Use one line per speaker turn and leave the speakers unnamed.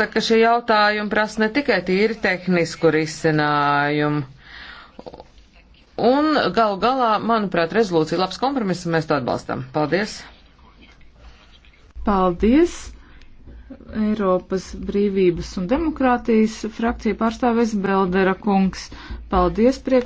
Jāsaka, šie jautājumi prasa ne tikai tīri tehnisku risinājumu. Un gal galā, manuprāt, rezolūcija labs kompromiss, un mēs to atbalstam. Paldies!
Paldies! Eiropas brīvības un demokrātijas frakcija pārstāvēs Beldera kungs. Paldies
priekš!